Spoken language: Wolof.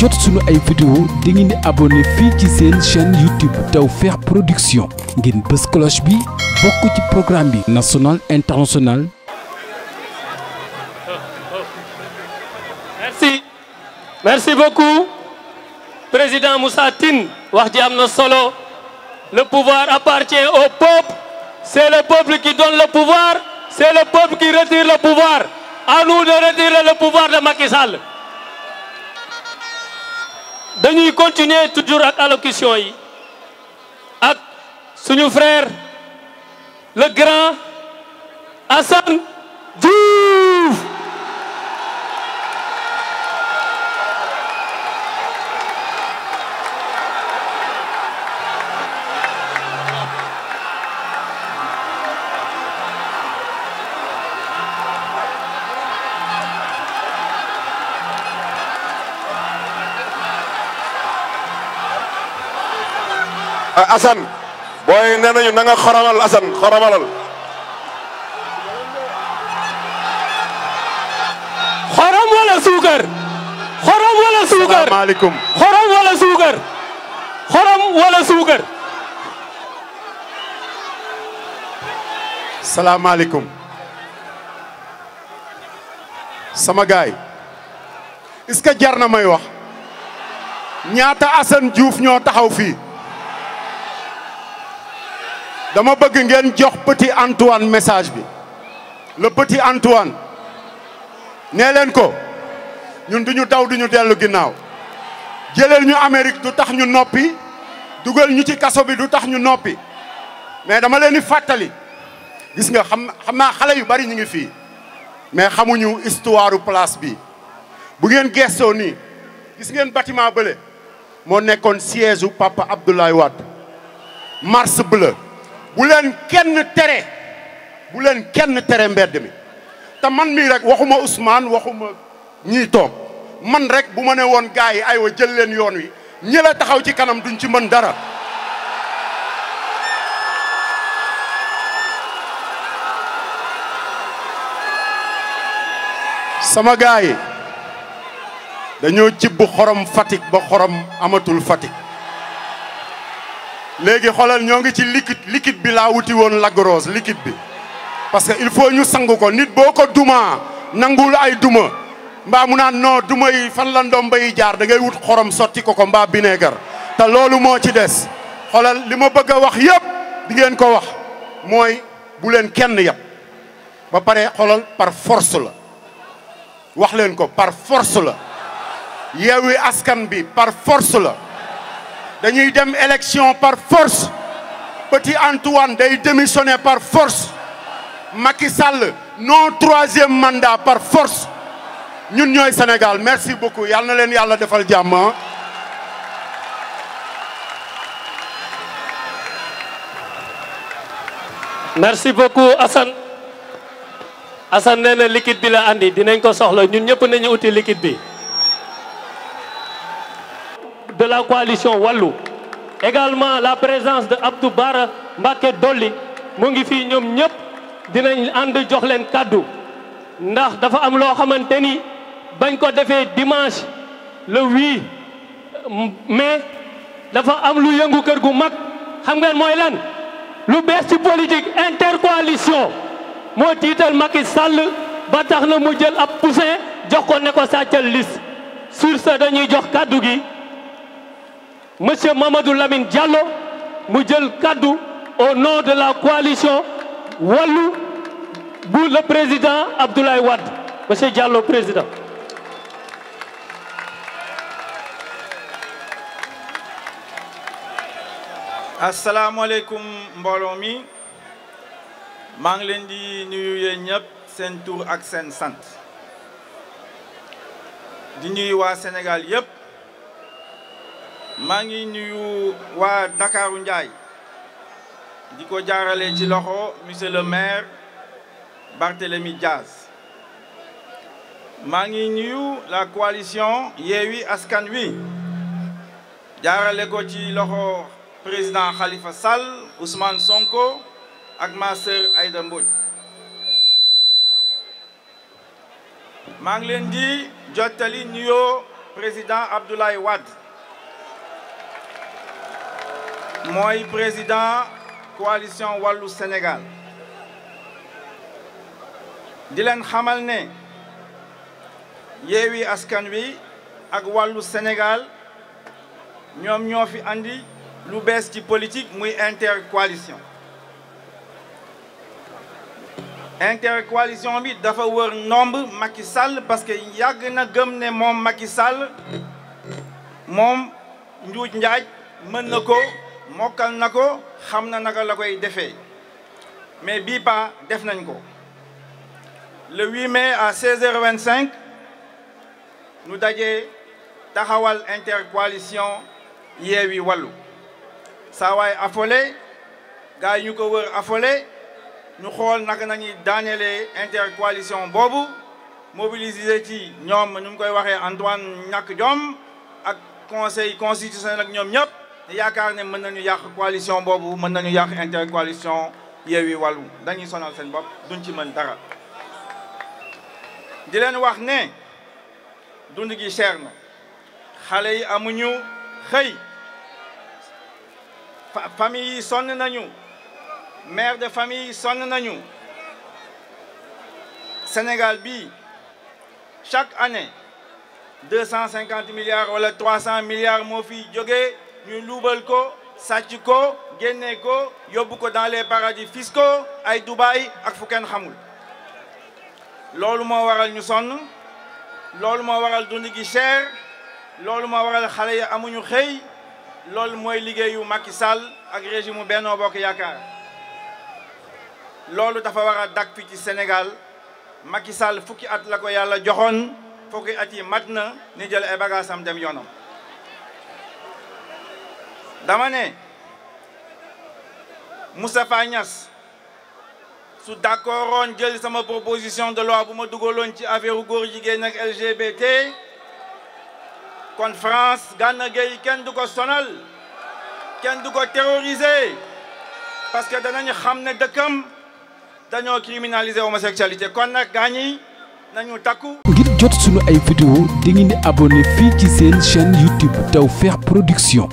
jot suñu ay vidéo da ngeen di abonné fii ci seen chaîne YouTube Tawfekh Production ngeen bës cloche bi bokk ci programme bi national international merci merci beaucoup président Moussa wax ji am na solo le pouvoir appartient au peuple c'est le peuple qui donne le pouvoir c'est le peuple qui retire le pouvoir à nous de retirer le pouvoir de Macky dañuy continuer toujours ak allocution yi ak suñu frère le grand Assane Diouf Ah, Assane booy nee nañu na nga xoromal Assane xoromalal xorom wala suukar xorom wala suukar xorom wala suukar xorom wala suukar salaamaaleykum sama gaay est jar na may wax ñaata Assane Diouf ñoo taxaw fii dama bëgg ngeen jox petit Antoine message bi le petit Antoine nee leen ko ñun duñu daw ñu dellu ginnaaw jëleel ñu Amérique du tax ñu noppi dugal ñu ci kaso bi du tax ñu noppi mais dama leen di fàttali gis nga xam xam naa xale yu bari ñu ngi fii mais xamuñu histoire place bi bu ngeen gestoo nii gis ngeen bâtiment bële moo nekkoon siège u papa Abdoulaye Wade mars bleu bu leen kenn tere bu leen kenn tere mbedd mi te man mii rek waxuma usmaan waxuma ñii toog man rek bu ma ne woon gars yi aywa jël leen yoon wi ñi la taxaw ci kanam duñ ci mën dara sama gars yi dañoo jibbu xorom Fatick ba xorom amatul Fatick léegi xoolal ñoo ngi ci liquide liquide bi laa wuti woon lagrose liquide bi parce que il faut ñu sang ko nit boo ko dumaa nangul ay duma mbaa mu naan noo duma yi fan la ndomba jaar da ngay wut xorom sotti ko ko mbaa bineegar te loolu moo ci des xoolal li ma bëgg a wax yëpp di ko wax mooy bu leen kenn yëpp ba pare xoolal par force la wax leen ko par force la yeewi askan bi par force la dañuy dem élection par force petit Antoine day démissionner par force Macky Sall non troisième mandat par force ñun ñooy Sénégal merci beaucoup yàlla na leen yàlla defal jàmma ah. merci beaucoup Assane assan nee na liquide bi la andi dinañ ko soxla ñun ñëpp nañu uti liquide bi. la coalition Wallu également la présence de Abdou Bara Mbacké Dolli mu ngi fii ñoom ñëpp dinañ ànd jox leen kàddu ndax dafa am loo xamante ni bañ ko defee dimanche le 8 mai dafa am lu yëngu kër gu mag xam ngeen mooy lan lu bees ci politique intercoalition moo tiital Macky sàll ba tax na mu jël ab poussin jox ko ne ko sàccal liste sur ce dañuy jox kàddu gi monsieur Mamadou Lamine jallo mu jël kàddu au nom de la coalition Wallu bu le président Abdoulaye Wade monsieur Diallo président. asalaamualeykum mbooloo mi maa ngi leen di nuyu yéen ñëpp seen tur ak seen sant di nuyu waa Sénégal yëpp. maa ngi nuyu waa Ndakaaru Njaay di ko jaarale ci loxo monsieur le maire Barthélémy Diaz maa ngi nuyu la coalition Yewwi Askan Wi jaarale ko ci loxo président Khalifa sal Ousmane Sonko ak ma sœur Aïda Mbodj maa ngi leen di jottali nuyoo président Abdoulaye Wade mooy président coalition wàllu Sénégal di leen xamal ne yeewi askan wi ak wàllu Sénégal ñoom ñoo fi andi lu bees ci politique muy intercoalition intercoalition bi dafa wër nomb Macky Sall parce que yàgg na gëm ne moom Macky Sall moom njuuj njaaj mën na ko mokkal na ko xam na naka la koy defee mais bii pas def nañ ko le mais mai à 16h25 nu daje taxawal intercoalition Yewwi Wallu saa waay affolé gars ñu ko wër afole ñu xool nag nañuy daanelee intercoalition boobu mobiliser ci ñoom nu mu koy waxee Antoine ñàkk jom ak conseil constitutionnel ak ñoom ñëpp te yaakaar ne mën nañu yàq coalition boobu mën nañu yàq intercoalition Yewwi Wallu dañuy sonal seen bopp duñ ci mën dara di wax ne dund gi cher xale yi amuñu xëy famille yi sonn nañu mère de famille yi sonn nañu Sénégal bi chaque année deux cent cinquante milliards wala trois cent milliards moo fi jóge ñu luubal ko sàcc ko génne ko yóbbu ko dans les paradis fiscaux ay Dubaï ak fu kenn xamul loolu moo waral ñu sonn loolu moo waral dund gi cher loolu moo waral xale yi amuñu xëy loolu mooy liggéeyu Macky Sall ak régime mu Benno Bokk Yaakaar loolu dafa war a dakk fi ci Sénégal Macky Sall fukki at la ko yàlla joxoon fukki at yi mat na ni jël ay bagaasam dem yoonam dama ne Moustapha Niass su d'accord woon jël sama proposition de loi bu ma dugaloon ci affaire góor jigéen ak LGBT kon France Gana Gueye kenn du ko sonal kenn du ko terroriser parce que danañu xam ne dëkkam dañoo criminaliser homosexualité kon nag gaa ñi nañu takku. ngir jot sunu ay vidéo di ngeen di abonné fii ci seen chaîne YouTube Tawfekh Production.